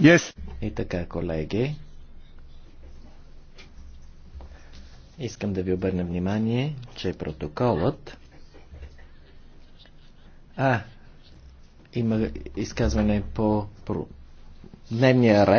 Yes. И така, колеги, искам да ви обърна внимание, че протоколът... А, има изказване по, дневния ред.